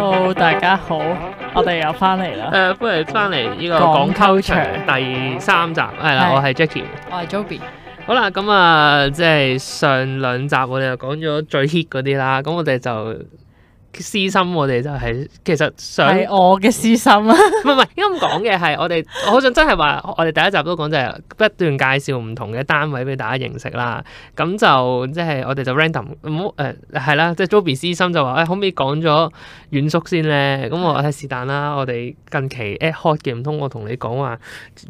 Hello 大家好，我哋又翻嚟啦。誒、呃，歡迎翻嚟呢個講 culture 第三集，係啦，是我係 Jacky，我係 Joby。好啦，咁啊、呃，即係上兩集我哋就講咗最 hit 嗰啲啦，咁我哋就。私心我哋就係其實想係我嘅私心啊，唔係唔係應該咁講嘅係我哋，我想真係話我哋第一集都講就係不斷介紹唔同嘅單位俾大家認識啦。咁就即係、就是、我哋就 random 唔好誒、呃、係啦，即、就、係、是、Joey 私心就話誒、欸、可唔可以講咗元素先咧？咁我誒是但啦，是的 我哋近期 at hot 嘅唔通我同你講話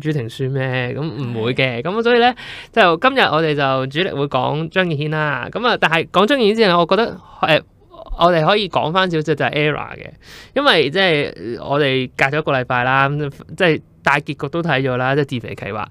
朱婷算咩？咁唔會嘅。咁是的 所以咧就今日我哋就主力會講張敬軒啦。咁啊但係講張敬軒之前，我覺得誒。呃我哋可以講翻少少就係 error 嘅，因為即係我哋隔咗一個禮拜啦，即係大結局都睇咗啦，即係《自肥企劃》。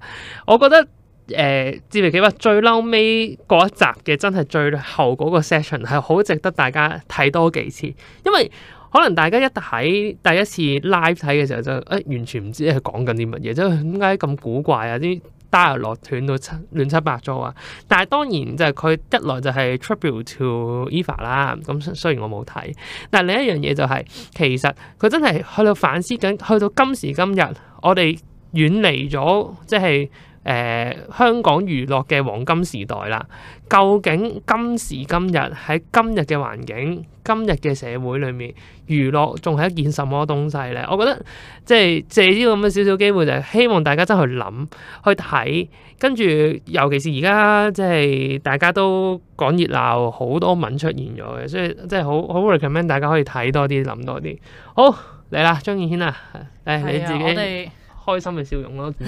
我覺得誒《自肥企劃》最嬲尾嗰一集嘅真係最後嗰個 session 係好值得大家睇多幾次，因為可能大家一睇第一次 live 睇嘅時候就誒完全唔知係講緊啲乜嘢，即係點解咁古怪啊啲。知打又落斷到七亂七八糟啊！但係當然就係佢一來就係 tribute to Eva 啦。咁雖然我冇睇，但係另一樣嘢就係其實佢真係去到反思緊，去到今時今日，我哋遠離咗即係。誒、呃、香港娛樂嘅黃金時代啦，究竟今時今日喺今日嘅環境、今日嘅社會裏面，娛樂仲係一件什麼東西咧？我覺得即係借呢個咁嘅小小機會，就係希望大家真係去諗、去睇，跟住尤其是而家即係大家都講熱鬧，好多文出現咗嘅，所以即係好好 recommend 大家可以睇多啲、諗多啲。好嚟啦，張敬軒啊，誒你自己們開心嘅笑容咯～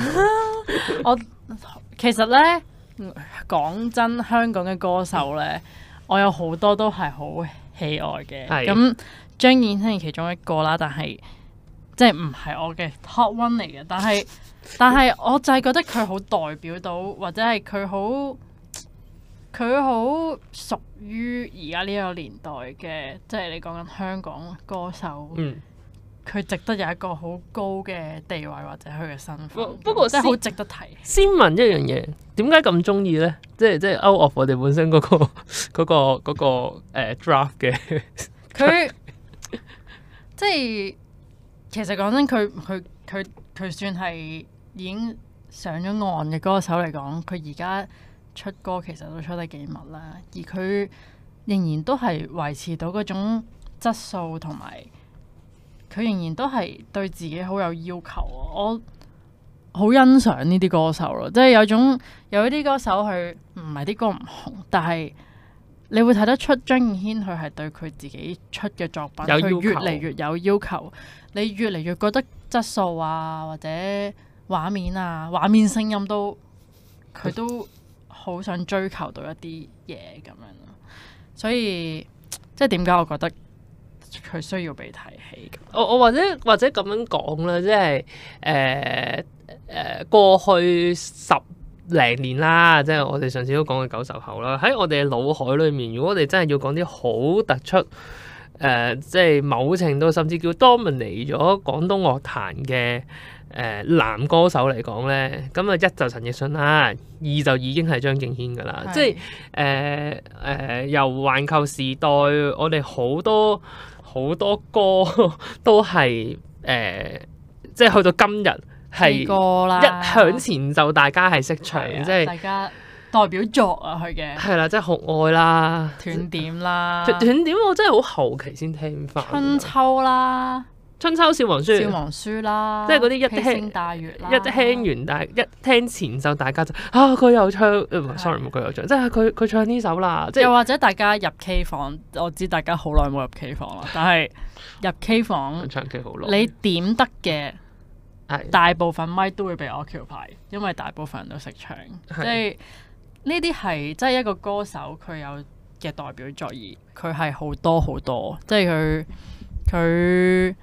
我其實咧講真，香港嘅歌手咧，我有好多都係好喜愛嘅。咁張敬軒係其中一個啦，但係即係唔係我嘅 top one 嚟嘅。但係 但係，我就係覺得佢好代表到，或者係佢好佢好屬於而家呢個年代嘅，即係你講緊香港歌手。 嗯佢值得有一個好高嘅地位或者佢嘅身份，不過真係好值得提。先問一樣嘢，點解咁中意呢？即係即係 out of 我哋本身嗰個嗰個嗰個嗰個呃，draft 嘅，佢他 即係其實講真，佢佢佢佢算係已經上咗岸嘅歌手嚟講，佢而家出歌其實都出得幾密啦，而佢仍然都係維持到嗰種質素同埋。佢仍然都係對自己好有要求，我好欣賞呢啲歌手咯，即係有種有一啲歌手佢唔係啲歌唔紅，但係你會睇得出張敬軒佢係對佢自己出嘅作品，佢越嚟越有要求，你越嚟越覺得質素啊，或者畫面啊、畫面聲音都佢都好想追求到一啲嘢咁樣咯，所以即係點解我覺得？佢需要被提起。我我或者或者咁樣講啦，即係誒誒過去十零年啦，即係我哋上次都講嘅九十後啦。喺我哋嘅腦海裡面，如果我哋真係要講啲好突出誒、呃，即係某程度甚至叫 dominate 咗廣東樂壇嘅誒、呃、男歌手嚟講咧，咁啊一就陳奕迅啦，二就已經係張敬軒㗎啦。是即係誒誒由環球時代，我哋好多。好多歌都係誒、呃，即係去到今日係歌啦一向前就大家係識唱，啊、即係是大家代表作啊佢嘅係啦，即係《酷愛》啦，《斷點》啦，《斷點》我真係好後期先聽翻，《春秋》啦。春秋小黃書，小黃書啦，即係嗰啲一聽大聽一聽完，但係一聽前奏，大家就啊，佢有唱，sorry 唔係佢有唱，即係佢佢唱呢首啦。即係又或者大家入 K 房，我知大家好耐冇入 K 房啦， 但係入 K 房唱 K 好耐，你點得嘅大部分咪都會被 occupy，因為大部分人都識唱，的即係呢啲係即係一個歌手佢有嘅代表作而佢係好多好多，多，即係佢佢。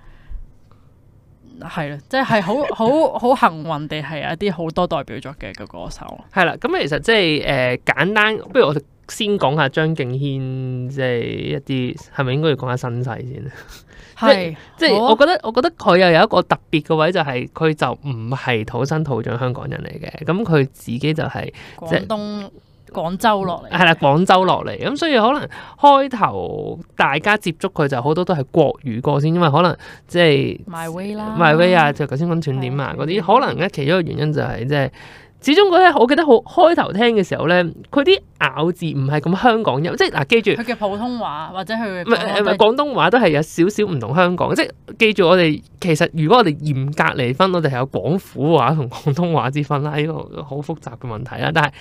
係咯， 即係好好好幸運地係一啲好多代表作嘅嘅歌手。係啦， 咁其實即係誒，簡單，不如我哋先講下張敬軒，即係一啲係咪應該要講下身世先 即啊？係，即係我覺得，我覺得佢又有一個特別嘅位，就係佢就唔係土生土長香港人嚟嘅，咁佢自己就係廣東。即廣州落嚟、嗯，係啦，廣州落嚟，咁、嗯、所以可能開頭大家接觸佢就好多都係國語歌先，因為可能即係，My Way 啦，My Way 啊，就頭先講斷點啊嗰啲、啊，可能咧其中一個原因就係即係。就是始終覺得，我記得好開頭聽嘅時候咧，佢啲咬字唔係咁香港音，即係嗱，記住佢嘅普通話或者佢唔係唔係廣東話都係有少少唔同香港。即係記住我哋其實如果我哋嚴格嚟，分我哋係有廣府話同廣東話之分啦，呢、呢個好複雜嘅問題啦。但係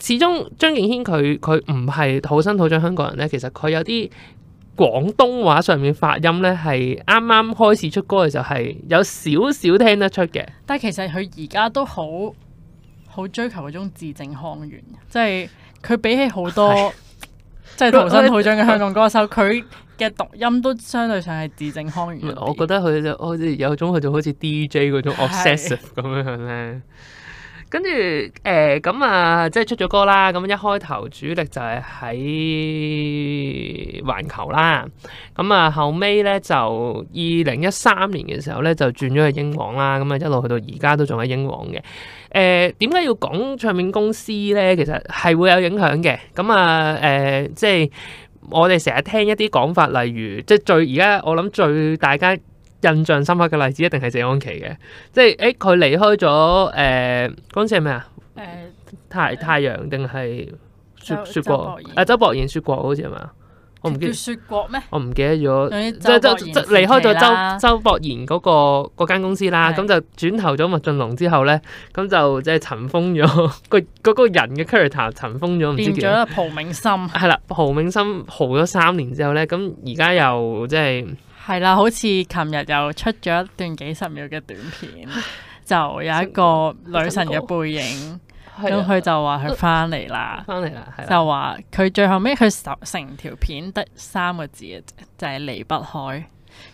始終張敬軒佢佢唔係土生土長香港人咧，其實佢有啲廣東話上面發音咧係啱啱開始出歌嘅時候係有少少聽得出嘅。但係其實佢而家都好。好追求嗰種字正腔圓，即係佢比起好多 即係土生土長嘅香港歌手，佢嘅 讀音都相對上係字正腔圓。 我覺得佢就好似有種佢就好似 DJ 嗰種 obsessive 咁、 呃、樣咧。跟住誒，咁啊，即係出咗歌啦。咁一開頭主力就係喺環球啦。咁啊，後尾咧就二零一三年嘅時候咧，就轉咗去英皇啦。咁啊，一路去到而家都仲喺英皇嘅。誒點解要講唱片公司咧？其實係會有影響嘅。咁啊誒、呃，即係我哋成日聽一啲講法，例如即係最而家我諗最大家印象深刻嘅例子，一定係謝安琪嘅。即係誒，佢、欸、離開咗誒嗰陣時係咩啊？誒、呃、太、呃、太陽定係説説過啊？周博賢説過好似係嘛？我唔記得叫雪國咩？我唔記得咗，即係即離開咗周周博賢嗰個間公司啦，咁是的 就轉頭咗麥浚龍之後咧，咁就即係塵封咗，個 嗰個人嘅 character 塵封咗，唔知叫。變咗啦，蒲銘心。係啦，蒲銘心豪咗三年之後咧，咁而家又即係。係、就、啦、是，好似琴日又出咗一段幾十秒嘅短片， 就有一個女神嘅背影。 咁佢，啊嗯，就話佢翻嚟啦，翻嚟啦，就話佢最後尾，佢成條片得三個字就係、是、離不開。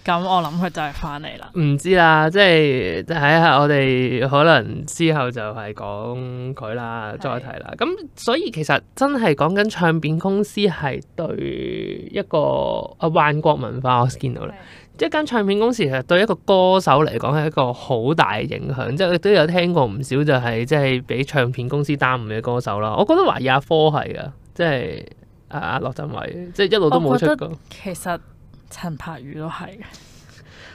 咁我諗佢就係翻嚟啦。唔知啦，即係睇下我哋可能之後就係講佢啦，再睇啦。咁是所以其實真係講緊唱片公司係對一個啊萬國文化，是我見到咧。一間唱片公司其實對一個歌手嚟講係一個好大影響，即、就、係、是、都有聽過唔少就係即係俾唱片公司耽誤嘅歌手咯。我覺得懷疑阿科係㗎，即係阿阿羅振偉，即係一路都冇出過。其實陳柏宇都係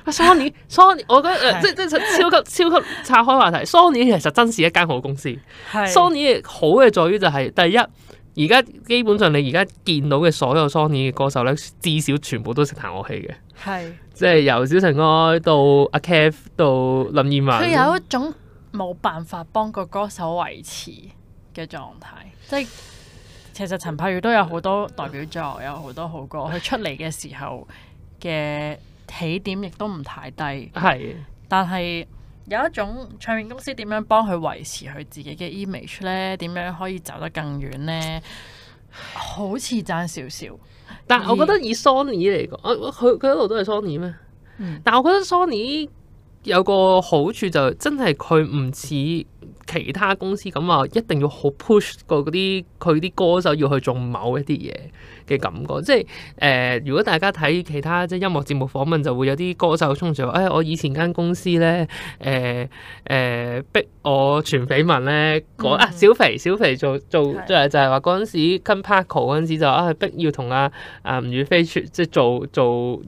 啊 Sony Sony，我覺得、 呃、即即係超級 超級岔開話題。Sony 其實是真係一間好公司。Sony 好嘅在於就係、是、第一。而家基本上，你而家見到嘅所有喪嘢嘅歌手咧，至少全部都識彈樂器嘅。係是即係由小情歌到阿 k e 到林燕汶，佢有一種冇辦法幫個歌手維持嘅狀態， 即係其實陳柏宇都有好多代表作，有好多好歌。佢出嚟嘅時候嘅起點亦都唔太低。係的，但係。有一種唱片公司點樣幫佢維持佢自己嘅 image 呢？點樣可以走得更遠呢？好似爭少少，但我覺得以 Sony 嚟講，佢、啊、佢一路都係 Sony 咩？嗯、但我覺得 Sony 有個好處就真係佢唔似。其他公司咁啊，一定要好 push 個啲佢啲歌手要去做某一啲嘢嘅感覺，即係誒、呃。如果大家睇其他即係音樂節目訪問，就會有啲歌手通常話：，誒、哎，我以前間公司咧，誒、呃、誒、呃，逼我傳緋聞咧。啊小肥，小肥做做即係就係話嗰陣時跟 Paco 嗰陣時就啊逼要同阿啊吳雨霏出即係做做。做做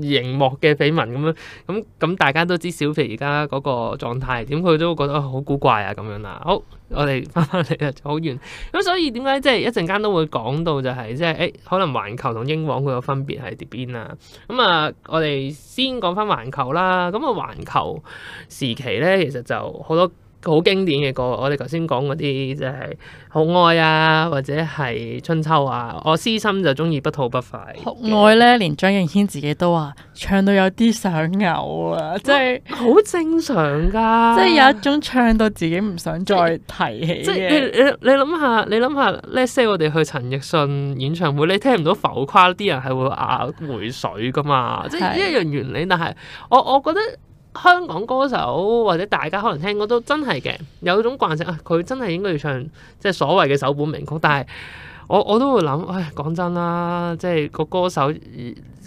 熒幕嘅緋聞咁樣，咁咁大家都知小肥而家嗰個狀態，點佢都覺得好古怪啊咁樣啦。好，我哋翻返嚟啦，好遠。咁所以點解即係一陣間都會講到就係即係誒，可能環球同英皇佢個分別係啲邊啊？咁啊，我哋先講翻環球啦。咁啊，環球時期咧，其實就好多。好經典嘅歌，我哋頭先講嗰啲即係《酷愛》啊，或者係《春秋》啊，我私心就中意《不吐不快》。《酷愛》咧，連張敬軒自己都話唱到有啲想嘔啊！即係好正常㗎，即係有一種唱到自己唔想再提起。即係你你你諗下，你諗下 Let's say 我哋去陳奕迅演唱會，你聽唔到浮誇啲人係會啊回水㗎嘛？即係一樣原理，但係我我，我覺得。香港歌手或者大家可能聽過都真係嘅，有種慣性，佢、啊、真係應該要唱即係、就是、所謂嘅首本名曲。但係我我都會諗，唉，講真啦，即係個歌手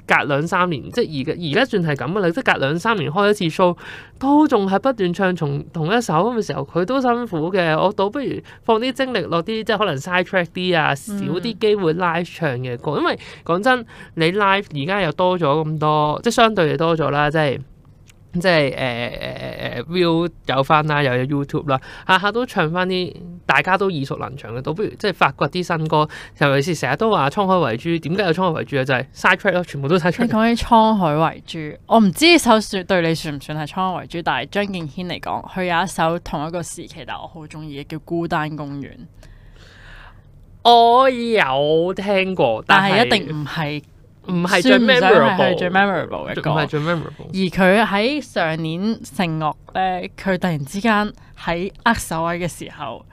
隔兩三年，即係而而家算係咁啦，即係隔兩三年開一次 show，都仲係不斷唱同同一首嘅、咁、時候，佢都辛苦嘅。我倒不如放啲精力落啲即係可能 side track 啲啊，少啲機會 live 唱嘅歌。嗯、因為講真，你 live 而家又多咗咁多，即係相對係多咗啦，即係。即係誒誒誒 Will 有翻啦，又有 YouTube 啦，下下都唱翻啲大家都耳熟能詳嘅，倒不如即係發掘啲新歌。尤其是成日都話滄海遺珠，點解有滄海遺珠啊？就係 side track 咯，全部都 side track。你講起「滄海遺珠」，我唔知呢首算對你算唔算係滄海遺珠，但係張敬軒嚟講，佢有一首同一個時期，但我好中意嘅叫《孤單公園》，我有聽過，但係一定唔係。唔係最 memorable 嘅，唔係最 memorable 嘅歌。而佢喺上年聖樂咧，佢突然之間喺握手位嘅時候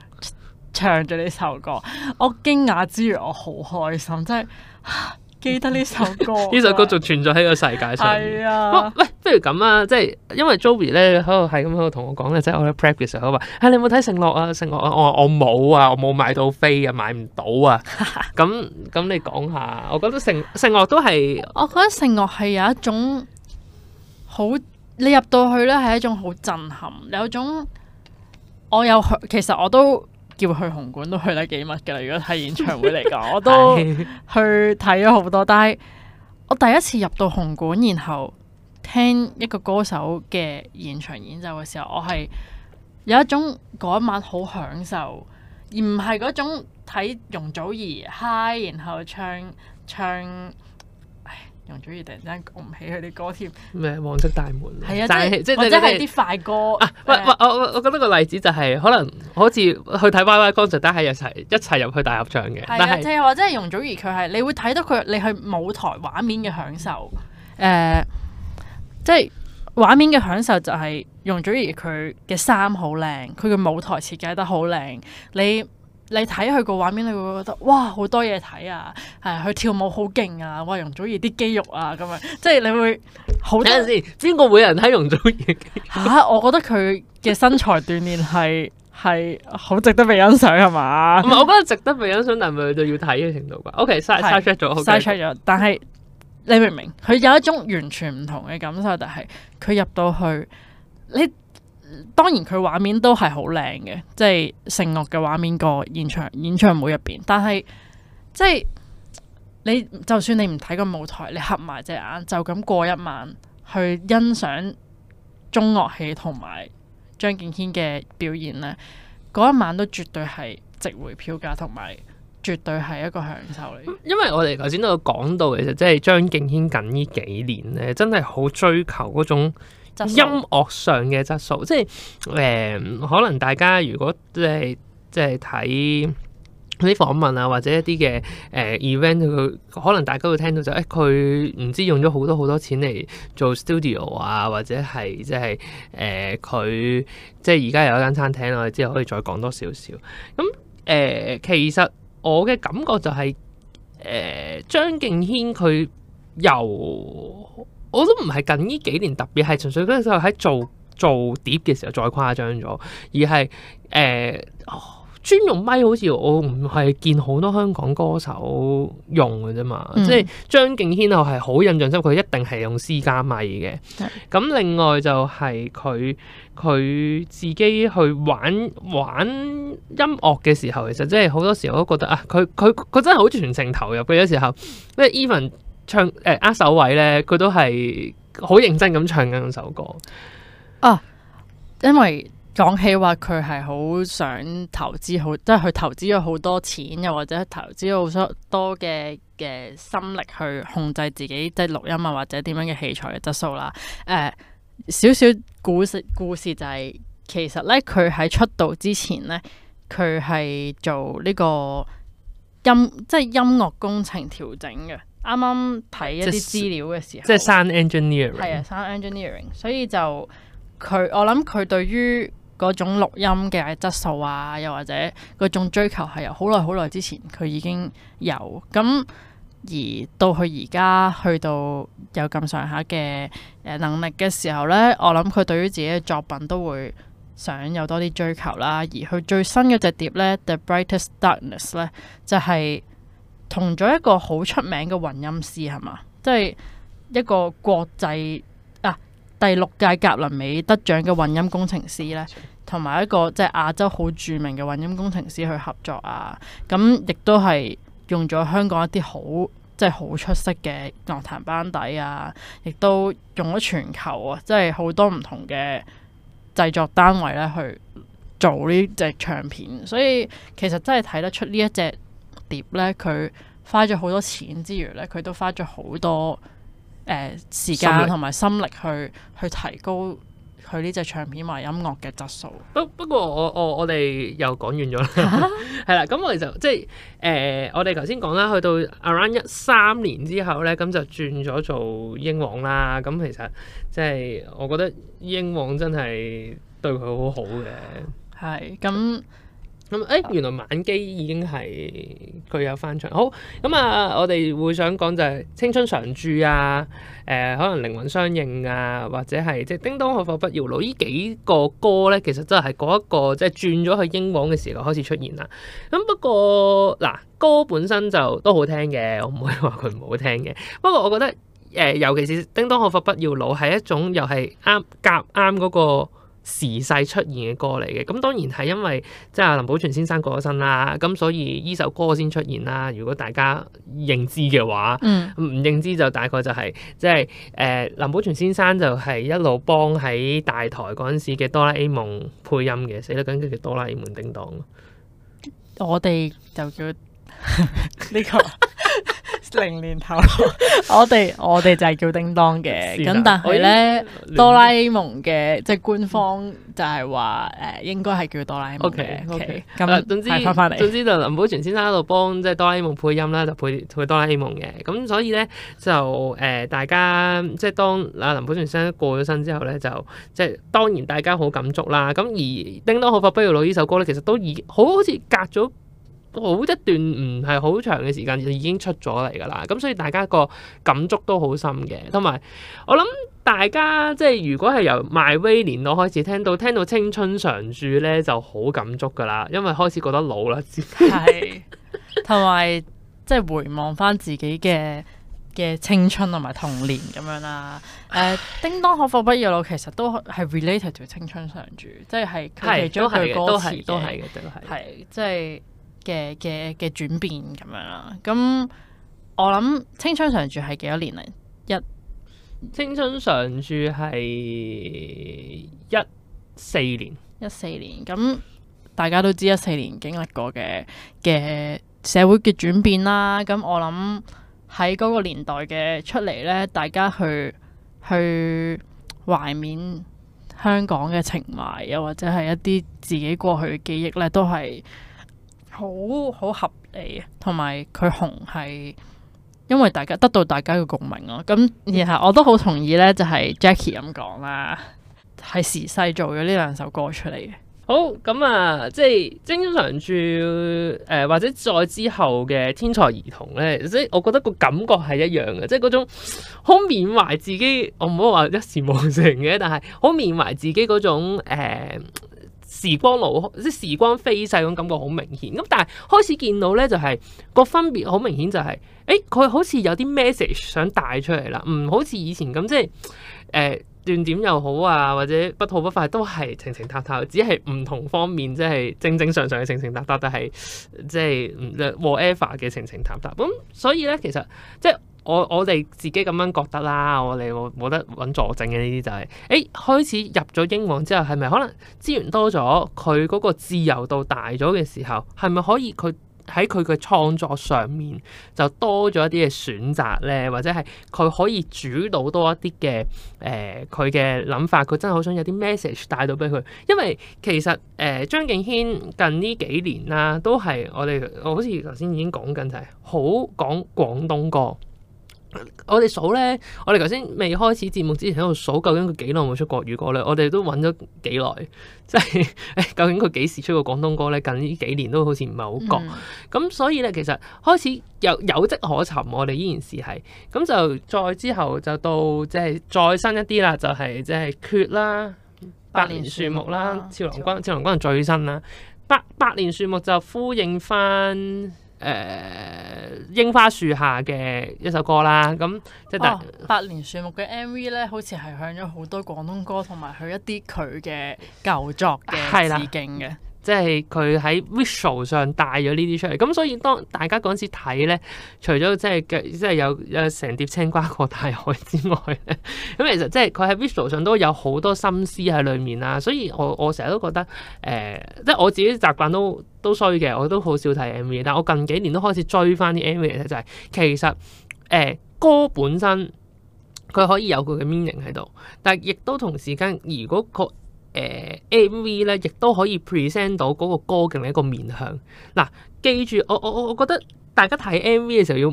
唱咗呢首歌，我驚訝之餘，我好開心，即係。記得呢首歌，呢 首歌仲存在喺個世界上 是、啊。喂，不如咁、就是哎、啊，即係因為 Joey 咧，喺度係咁同我講咧，即係我喺 practice 嘅話，係你有冇睇《聖樂》啊？聖樂，我我冇啊，我冇、啊、買到飛啊，買唔到啊。咁 咁，你講下，我覺得《聖聖樂》都係，我覺得《聖樂》係有一種好，你入到去咧係一種好震撼，有種我有，其實我都。叫去紅館都去得幾密㗎啦！如果睇演唱會嚟講，我都去睇咗好多。但係我第一次入到紅館，然後聽一個歌手嘅現場演奏嘅時候，我係有一種嗰一晚好享受，而唔係嗰種睇容祖兒嗨，然後唱唱。容祖兒突然間講唔起佢啲歌添，咩黃色大門？係啊，即係或者係啲快歌啊！唔係我我我覺得個例子就係、是、可能我好似去睇《Y Y Concert》都係一齊一齊入去大合唱嘅。係啊，即係或者係容祖兒佢係你會睇到佢你去舞台畫面嘅享受，誒、呃，即、就、係、是、畫面嘅享受就係容祖兒佢嘅衫好靚，佢嘅舞台設計得好靚，你。你睇佢個畫面，你會覺得哇好多嘢睇啊！係佢跳舞好勁啊，哇容祖兒啲肌肉啊咁樣，即係你會好多。等陣先，邊個會人睇容祖兒肌？吓、啊，我覺得佢嘅身材鍛煉係係好值得被欣賞，係嘛？唔係，我覺得值得被欣賞，但係佢就要睇嘅程度吧。O K，晒晒出咗，晒出咗，但係你明唔明？佢有一種完全唔同嘅感受，但係佢入到去你。你當然佢畫面都係好靚嘅，即係盛樂嘅畫面個現場演唱會入邊。但係即係你就算你唔睇個舞台，你合埋隻眼就咁過一晚去欣賞中樂器同埋張敬軒嘅表現，咧，嗰一晚都絕對係值回票價，同埋絕對係一個享受嚟。因為我哋頭先都有講到，其實即係張敬軒近呢幾年咧，真係好追求嗰種。音樂上嘅質素，即係誒、呃，可能大家如果、呃、即係即係睇啲訪問啊，或者一啲嘅誒 event，佢可能大家會聽到就誒、是，佢唔知用咗好多好多錢嚟做 studio 啊，或者係即係誒，佢、呃、即係而家有一間餐廳啦，我哋之後可以再講多少少。咁、嗯、誒、呃，其實我嘅感覺就係、是、誒，張、呃、敬軒佢由。我都唔係近呢幾年，特別係純粹嗰時候喺做做碟嘅時候再誇張咗，而係誒、呃哦、專用咪，好似我唔係見好多香港歌手用嘅啫嘛，嗯、即係張敬軒我係好印象深，佢一定係用私家咪嘅。咁、嗯、另外就係佢佢自己去玩玩音樂嘅時候，其實即係好多時候都覺得啊，佢佢佢真係好全情投入嘅。有時候即係 even。唱誒，握、呃、手位咧，佢都係好認真咁唱緊首歌。啊，因為講起話，佢係好想投資，好即係佢投資咗好多錢，又或者投資咗好多多嘅嘅心力去控制自己即係錄音啊，或者點樣嘅器材嘅質素啦。誒、呃，少少故事故事就係、是，其實咧佢喺出道之前咧，佢係做呢、這個音即係音樂工程調整嘅。啱啱睇一啲資料嘅時候，即係 sound engineering，係啊，sound engineering，所以就佢，我諗佢對於嗰種錄音嘅質素啊，又或者嗰種追求係由好耐好耐之前佢已經有咁，而到佢而家去到有咁上下嘅誒能力嘅時候呢，我諗佢對於自己嘅作品都會想有多啲追求啦，而佢最新嗰隻碟呢 The Brightest Darkness 呢就係。同咗一個好出名嘅混音師係咪？即係一個國際啊，第六屆格林美得獎嘅混音工程師咧，同埋一個即係亞洲好著名嘅混音工程師去合作啊！咁、嗯嗯、亦都係用咗香港一啲好即係好出色嘅樂壇班底啊，亦都用咗全球啊，即係好多唔同嘅製作單位咧去做呢隻唱片，所以其實真係睇得出呢一隻碟咧，佢花咗好多錢之餘咧，佢都花咗好多誒、呃、時間同埋心力去去提高佢呢隻唱片同音樂嘅質素。不、哦、不過我我我哋又講完咗啦，係 啦、啊。咁我哋 就，即係誒、呃，我哋頭先講啦，去到 Around 一三年之後咧，咁就轉咗做英皇啦。咁其實即係、就是、我覺得英皇真係對佢好好嘅。係咁、嗯。咁誒、嗯、原來晚機已經係佢有翻場好，咁、嗯、啊！我哋會想講就係青春常駐啊，誒、呃、可能靈魂相應啊，或者係即係叮噹可否不要老呢幾個歌咧，其實真係嗰一個即係轉咗去英皇嘅時代開始出現啦。咁不過嗱、啊，歌本身就都好聽嘅，我唔會話佢唔好聽嘅。不過我覺得誒、呃，尤其是叮噹可否不要老係一種又係啱夾啱嗰個。時勢出現嘅歌嚟嘅，咁當然係因為即係林保全先生過咗身啦，咁所以呢首歌先出現啦。如果大家認知嘅話，唔、嗯、認知就大概就係即係誒林保全先生就係一路幫喺大台嗰陣時嘅哆啦 A 夢配音嘅，死得緊佢嘅叫哆啦 A 夢叮噹。我哋就叫呢個。 零年頭後， 我哋我哋就係叫叮當嘅，咁 但係咧哆啦 A 夢嘅即係官方就係話誒應該係叫哆啦 A 夢嘅。O K O K 咁，總之總之就林保全先生喺度幫即係哆啦 A 夢配音啦，就配配哆啦 A 夢嘅。咁所以咧就誒、呃、大家即係當啊林保全先生過咗身之後咧，就即係、就是、當然大家好感觸啦。咁而叮當好快不如老呢首歌咧，其實都已好好似隔咗。好一段唔係好長嘅時間已經出咗嚟噶啦，咁所以大家個感觸都好深嘅。同埋我諗大家即係如果係由賣威 e e 年老開始聽到聽到青春常駐咧，就好感觸噶啦，因為開始覺得老啦，係同埋即係回望返自己嘅嘅青春同埋童年咁樣啦。誒、呃，叮當可否不要老其實都係 related to 青春常駐，即係佢哋都係嘅，都係都係，係即係。嘅嘅嘅轉變咁樣啦，咁我諗青春常住係幾多年嚟？一青春常住係一四年，一四年，咁大家都知一四年經歷過嘅嘅社會嘅轉變啦。咁我諗喺嗰個年代嘅出嚟呢，大家去去懷緬香港嘅情懷，又或者係一啲自己過去嘅記憶呢，都係。好好合理啊，同埋佢紅係因為大家得到大家嘅共鳴咯。咁然後我都好同意呢，就係、是、Jackie 咁講啦，係時勢做咗呢兩首歌出嚟嘅。好咁啊，即係正常住誒、呃、或者再之後嘅天才兒童呢，即係我覺得個感覺係一樣嘅，即係嗰種好緬懷自己。我唔好話一事無成嘅，但係好緬懷自己嗰種、呃時光流即時光飛，逝種感覺好明顯。咁但係開始見到咧，就係個分別好明顯、就是，就、欸、係，誒佢好似有啲 message 想帶出嚟啦，唔好似以前咁即係，誒、呃、斷點又好啊，或者不吐不快都係情情塔塔，只係唔同方面，即係正正常常嘅情情塔塔，但係即係和 e v e r 嘅情情塔塔。咁、嗯、所以咧，其實即係。我我哋自己咁樣覺得啦，我哋冇得揾佐證嘅呢啲就係、是，誒開始入咗英皇之後，係咪可能資源多咗，佢嗰個自由度大咗嘅時候，係咪可以佢喺佢嘅創作上面就多咗一啲嘅選擇咧？或者係佢可以主導多一啲嘅誒佢嘅諗法，佢真係好想有啲 message 帶到俾佢。因為其實誒張敬軒近呢幾年啦、啊，都係我哋我好似頭先已經講緊就係好講廣東歌。我哋數咧，我哋頭先未開始節目之前喺度數，究竟佢幾耐冇出國語歌咧？我哋都揾咗幾耐，即係究竟佢幾時出過廣東歌咧？近呢幾年都好似唔係好國，咁、嗯、所以咧，其實開始有有跡可尋，我哋依然事係，咁就再之後就到即係再新一啲啦，就係即係缺啦，百年樹木啦，啦《俏郎君》、《俏郎君》係最新啦，百百年樹木就呼應翻。誒、呃、櫻花樹下嘅一首歌啦，咁、嗯、即係、哦、百年樹木嘅 MV 咧，好似係向咗好多廣東歌同埋佢一啲佢嘅舊作嘅致敬嘅。即係佢喺 visual 上帶咗呢啲出嚟，咁所以當大家嗰時睇咧，除咗即係即係有有成碟青瓜過大海之外咧，咁 其實即係佢喺 visual 上都有好多心思喺裡面啦。所以我我成日都覺得誒、呃，即係我自己習慣都都衰嘅，我都好少睇 MV，但我近幾年都開始追翻啲 MV 咧，就係其實誒、呃、歌本身佢可以有佢嘅 meaning 喺度，但係亦都同時間如果個誒 M V 咧，亦都可以 present 到嗰個歌嘅另一個面向嗱、啊。記住我我我，我覺得大家睇 M V 嘅時候要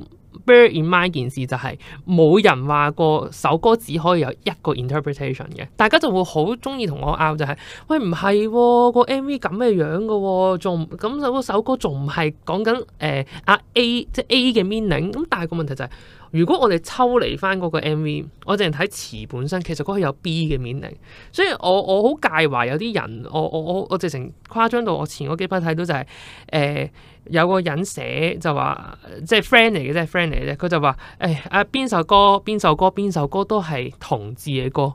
bear in mind 件事就係冇人話過首歌只可以有一個 interpretation 嘅。大家就會好中意同我拗就係、是、喂，唔係個 M V 咁嘅樣嘅、哦，仲咁首歌仲唔係講緊誒阿 A 即 A 嘅 meaning 咁？但係個問題就係、是。如果我哋抽離翻嗰個 MV，我淨係睇詞本身，其實嗰個有 B 嘅面嚟，所以我我好介懷有啲人，我我我我直情誇張到我前嗰幾排睇到就係、是，誒、呃、有個人寫就話，即係 friend 嚟嘅，即係 friend 嚟嘅，佢就話，誒、哎、啊邊首歌邊首歌邊首歌都係同志嘅歌，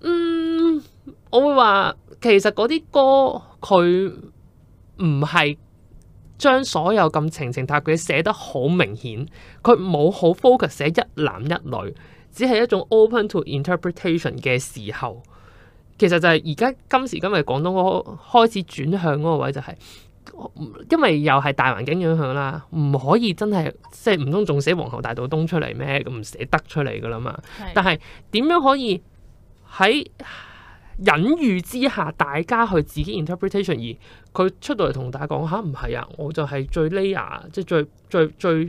嗯，我會話其實嗰啲歌佢唔係。將所有咁情情塔佢寫得好明顯，佢冇好 focus 寫一男一女，只係一種 open to interpretation 嘅時候，其實就係而家今時今日廣東開開始轉向嗰個位就係、是，因為又係大環境影響啦，唔可以真係即係唔通仲寫皇后大道東出嚟咩咁唔寫得出嚟噶啦嘛，是的 但係點樣可以喺？隱喻之下，大家去自己 interpretation 而佢出到嚟同大家講吓，唔、啊、係啊，我就係最 layer，即係最最最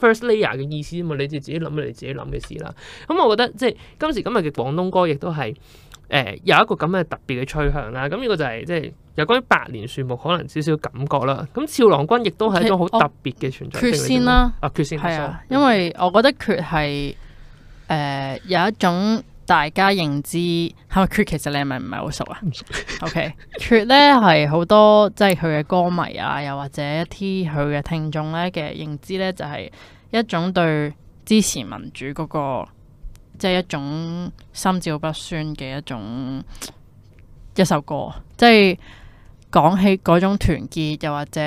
first layer 嘅意思啊嘛，你就自己諗你自己諗嘅事啦。咁、嗯、我覺得即係今時今日嘅廣東歌亦都係誒、呃、有一個咁嘅特別嘅趨向啦。咁、嗯、呢、這個就係、是、即係有關於百年樹木可能少少感覺啦。咁、嗯《俏郎君》亦都係一種好特別嘅存在。缺先啦，啊缺先。係啊，啊因為我覺得缺係誒有一種。大家認知，係咪缺？其實你係咪唔係好熟啊 ？OK，缺咧係好多即係佢嘅歌迷啊，又或者一啲佢嘅聽眾咧嘅認知咧，就係、是、一種對支持民主嗰、那個，即係一種心照不宣嘅一種一首歌，即係講起嗰種團結，又或者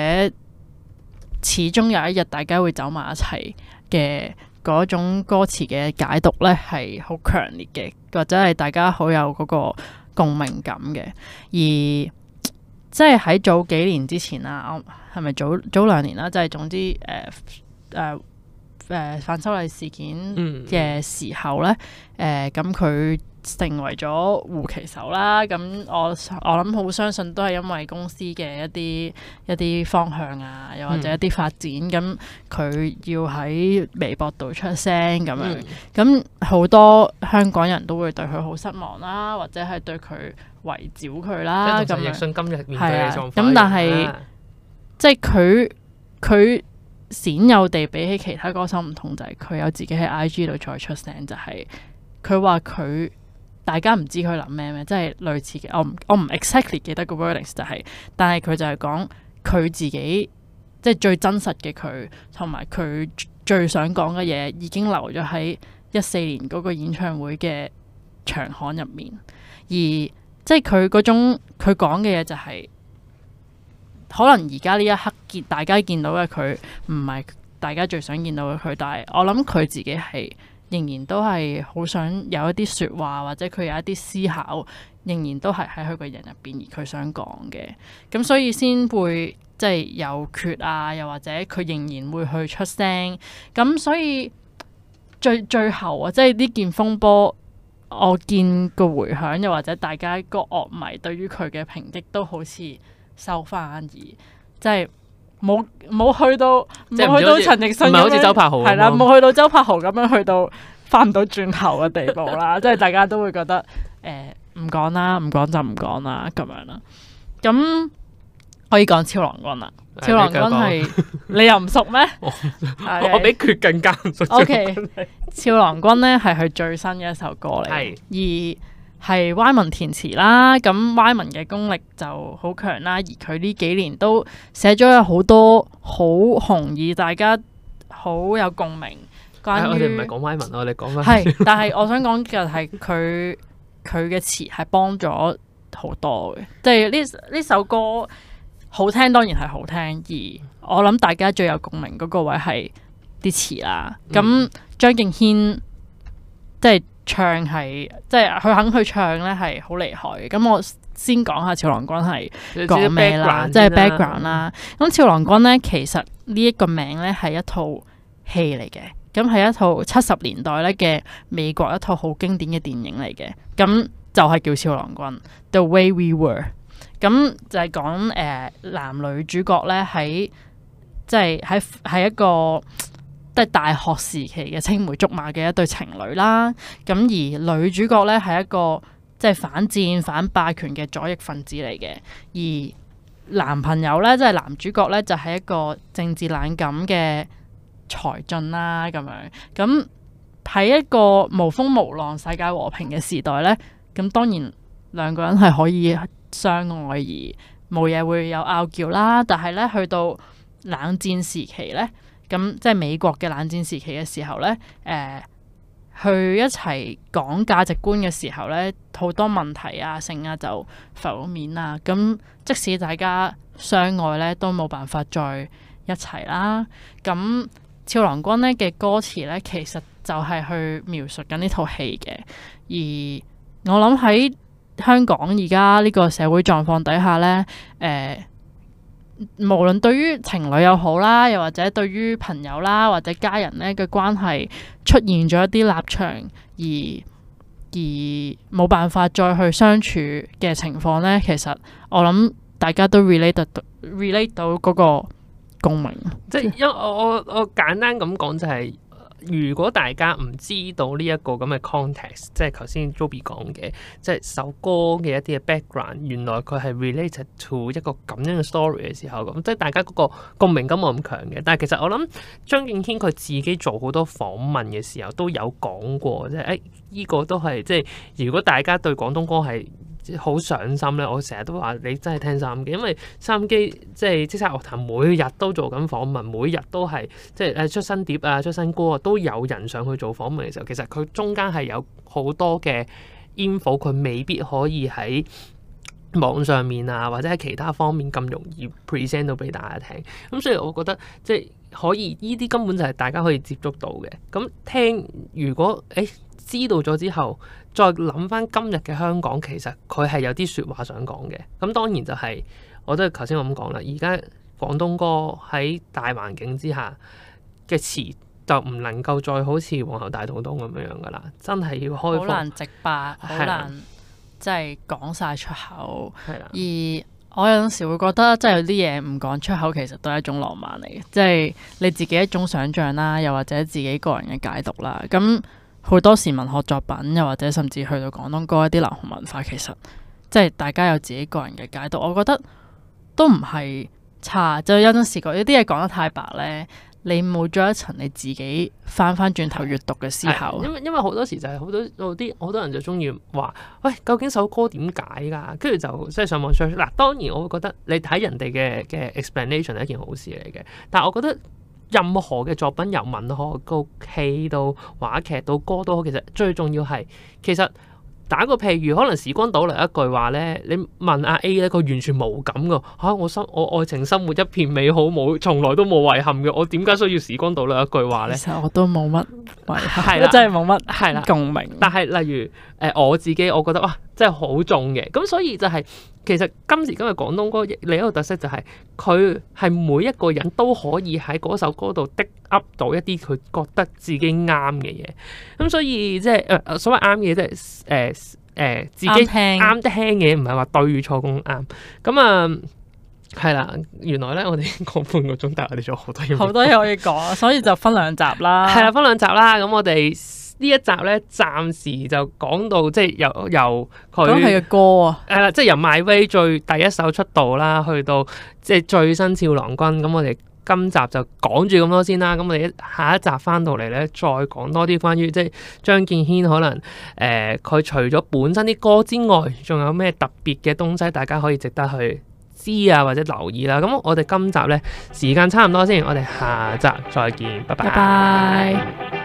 始終有一日大家會走埋一齊嘅。嗰種歌詞嘅解讀咧係好強烈嘅，或者係大家好有嗰個共鳴感嘅，而即係喺早幾年之前啊，我係咪早早兩年啦？即係總之誒誒誒，反、呃呃、修例事件嘅時候咧，誒咁佢成為咗護旗手啦，咁我我諗好相信都係因為公司嘅一啲一啲方向啊，又或者一啲發展，咁佢、嗯、要喺微博度出聲咁樣，咁好、嗯、多香港人都會對佢好失望啦，或者係對佢圍剿佢啦咁。騰訊今日面對嘅狀況，咁但係即係佢佢鮮有地比起其他歌手唔同就係、是、佢有自己喺 IG 度再出聲，就係佢話佢。大家唔知佢諗咩咩，即係類似嘅。我唔我唔 exactly 記得個 writings 就係、是，但係佢就係講佢自己即係最真實嘅佢，同埋佢最想講嘅嘢已經留咗喺一四年嗰個演唱會嘅場刊入面。而即係佢嗰種佢講嘅嘢就係、是，可能而家呢一刻見大家見到嘅佢唔係大家最想見到嘅佢，但係我諗佢自己係。仍然都係好想有一啲説話，或者佢有一啲思考，仍然都係喺佢個人入邊，而佢想講嘅。咁所以先會即係有缺啊，又或者佢仍然會去出聲。咁所以最最後啊，即係呢件風波，我見個回響，又或者大家個樂迷對於佢嘅抨擊都好似收返而即係。冇冇去到，冇去到陳奕迅咁，好似周柏豪咁樣，係啦，冇去到周柏豪咁樣去到翻唔到轉頭嘅地步啦，即係 大家都會覺得誒唔講啦，唔講就唔講啦咁樣啦。咁可以講超郎君啦，超郎君係你又唔熟咩？我比佢更加唔熟。O K，超郎君咧係佢最新嘅一首歌嚟，而。Yeah. 係歪文填詞啦，咁歪文嘅功力就好強啦，而佢呢幾年都寫咗好多好紅意，而大家好有共鳴。關於，啊，我哋唔係講歪文，我哋講返。係，但係我想講嘅係佢佢嘅詞係幫咗好多嘅，即係呢呢首歌好聽當然係好聽，而我諗大家最有共鳴嗰個位係啲詞啦。咁，嗯、張敬軒即係。唱係，即係佢肯去唱咧，係好厲害嘅。咁我先講下《俏郎君》係講咩啦，即係 background 啦。咁、嗯《俏郎君》咧，其實呢一個名咧係一套戲嚟嘅。咁係一套七十年代咧嘅美國一套好經典嘅電影嚟嘅。咁就係叫《俏郎君》The Way We Were。咁就係講誒男女主角咧喺，即係喺喺一個。即係大學時期嘅青梅竹馬嘅一對情侶啦，咁而女主角呢，係一個即係反戰反霸權嘅左翼分子嚟嘅，而男朋友呢，即係男主角呢，就係一個政治冷感嘅才俊啦，咁樣咁喺一個無風無浪、世界和平嘅時代呢，咁當然兩個人係可以相愛而冇嘢會有拗撬啦，但係呢，去到冷戰時期呢。咁、嗯、即係美國嘅冷戰時期嘅時候呢，誒、呃，去一齊講價值觀嘅時候呢，好多問題啊，成啊就浮面啦。咁、嗯、即使大家相愛呢，都冇辦法再一齊啦。咁、嗯《俏郎君》呢嘅歌詞呢，其實就係去描述緊呢套戲嘅。而我諗喺香港而家呢個社會狀況底下呢。誒、呃。無論對於情侶又好啦，又或者對於朋友啦，或者家人咧嘅關係出現咗一啲立場而而冇辦法再去相處嘅情況呢。其實我諗大家都 relate 到，relate 到嗰個共鳴，即係因為我我我簡單咁講就係、是。如果大家唔知道呢一個咁嘅 context，即係頭先 Joby 講嘅，即係首歌嘅一啲嘅 background，原來佢係 related to 一個咁樣嘅 story 嘅時候咁，即係大家嗰個共鳴感冇咁強嘅。但係其實我諗張敬軒佢自己做好多訪問嘅時候都有講過，即係誒呢個都係即係如果大家對廣東歌係，好上心咧，我成日都話你真係聽三機，因為三機即係即係樂壇，每日都做緊訪問，每日都係即係誒出新碟啊、出新歌啊，都有人上去做訪問嘅時候，其實佢中間係有好多嘅 info，佢未必可以喺網上面啊，或者喺其他方面咁容易 present 到俾大家聽。咁、嗯、所以，我覺得即係可以，呢啲根本就係大家可以接觸到嘅。咁聽，如果誒知道咗之後。再諗翻今日嘅香港，其實佢係有啲説話想講嘅。咁當然就係、是，我都係頭先我咁講啦。而家廣東歌喺大環境之下嘅詞就唔能夠再好似皇后大道東咁樣樣噶啦，真係要開口，好難直白，好的難即係講晒出口。係啦的。而我有時會覺得，即係有啲嘢唔講出口，其實都係一種浪漫嚟嘅，即係你自己一種想像啦，又或者自己個人嘅解讀啦。咁。好多時文學作品，又或者甚至去到廣東歌一啲流行文化，其實即係大家有自己個人嘅解讀。我覺得都唔係差，就有陣時覺得啲嘢講得太白咧，你冇咗一層你自己翻翻轉頭閱讀嘅思考。因為因為好多時就係好多嗰啲好多人就中意話，喂，究竟首歌點解㗎？跟住就即係上網 search 嗱。當然我會覺得你睇人哋嘅嘅 explanation 係一件好事嚟嘅，但係我覺得。任何嘅作品，由文學到戲到話劇到歌都好，其實最重要係其實打個譬如，可能時光倒流一句話咧，你問阿 A 咧，佢完全冇感噶嚇、啊，我心我愛情生活一片美好冇，從來都冇遺憾嘅，我點解需要時光倒流一句話咧？其實我都冇乜遺憾，係啦 的，真係冇乜係啦，共鳴。但係例如。誒我自己，我覺得哇，真係好重嘅。咁所以就係、係、其實今時今日廣東歌另一個特色就係佢係每一個人都可以喺嗰首歌度的噏到一啲佢覺得自己啱嘅嘢。咁所以即係誒所謂啱嘅即係誒誒自己的聽啱聽嘅，唔係話對與錯咁啱。咁啊係啦，原來咧我哋已經講半個鐘，但係我哋仲有好多嘢，好多嘢可以講， 所以就分兩集啦。係啦， 分兩集啦。咁我哋。呢一集咧，暫時就講到即係由由佢。咁係嘅歌啊！係啦、啊，即係由 My Way 最第一首出道啦，去到即係最新《俏郎君》。咁我哋今集就講住咁多先啦。咁我哋下一集翻到嚟咧，再講多啲關於即係張敬軒可能誒佢、呃、除咗本身啲歌之外，仲有咩特別嘅東西大家可以值得去知啊，或者留意啦。咁我哋今集咧時間差唔多先，我哋下集再見，拜拜。拜拜。